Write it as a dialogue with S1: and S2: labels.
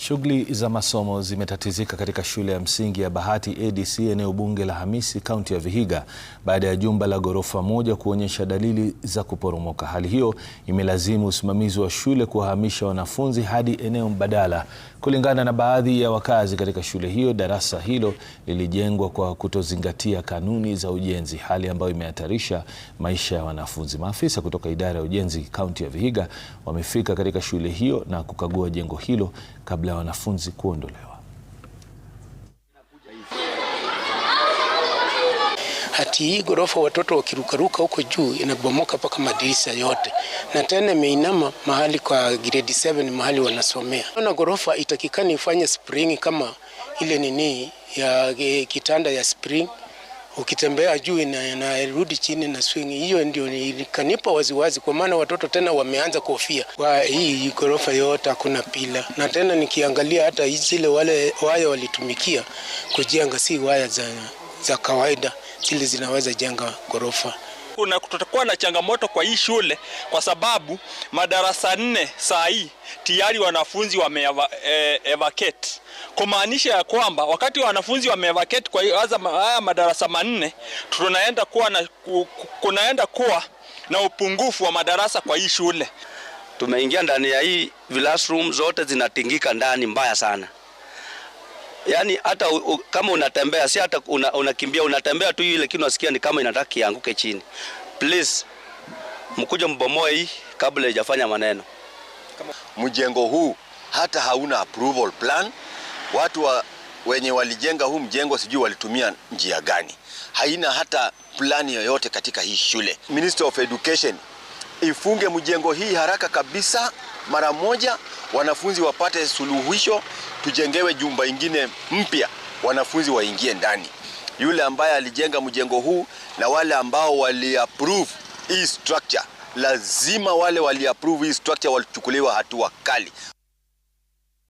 S1: Shughuli za masomo zimetatizika katika shule ya msingi ya Bahati ADC eneo bunge la Hamisi kaunti ya Vihiga baada ya jumba la ghorofa moja kuonyesha dalili za kuporomoka. Hali hiyo imelazimu usimamizi wa shule kuwahamisha wanafunzi hadi eneo mbadala. Kulingana na baadhi ya wakazi katika shule hiyo, darasa hilo lilijengwa kwa kutozingatia kanuni za ujenzi, hali ambayo imehatarisha maisha ya wanafunzi. Maafisa kutoka idara ya ujenzi kaunti ya Vihiga wamefika katika shule hiyo na kukagua jengo hilo kabla ya wanafunzi kuondolewa.
S2: Hati hii ghorofa, watoto wakirukaruka huko juu, inabomoka mpaka madirisha yote, na tena imeinama mahali kwa grade 7 mahali wanasomea. Na ghorofa itakikani ifanye spring kama ile nini ya eh, kitanda ya spring ukitembea juu inarudi chini na swing hiyo, ndio ilikanipa waziwazi, kwa maana watoto tena wameanza kuhofia kwa hii ghorofa yote hakuna pila. Na tena nikiangalia hata zile wale waya walitumikia kujenga, si waya za, za kawaida zile zinaweza jenga ghorofa
S3: kuna tutakuwa na changamoto kwa hii shule kwa sababu madarasa nne saa hii tayari wanafunzi wame eva, eh, evacate kumaanisha ya kwamba wakati wanafunzi wamevaketi kwa haya madarasa manne, tunaenda kuwa na, kunaenda kuwa na upungufu wa madarasa kwa hii shule.
S4: Tumeingia ndani ya hii classroom zote zinatingika ndani mbaya sana, yaani hata kama unatembea si hata una, unakimbia unatembea tu, lakini unasikia ni kama inataka kianguke chini. Please mkuje mbomoe hii kabla haijafanya maneno.
S5: Mjengo huu hata hauna approval plan. Watu wa, wenye walijenga huu mjengo sijui walitumia njia gani, haina hata plani yoyote katika hii shule. Minister of Education ifunge mjengo hii haraka kabisa, mara moja, wanafunzi wapate suluhisho, tujengewe jumba ingine mpya, wanafunzi waingie ndani. Yule ambaye alijenga mjengo huu na wale ambao waliapprove hii structure, lazima wale waliapprove hii structure walichukuliwa hatua kali.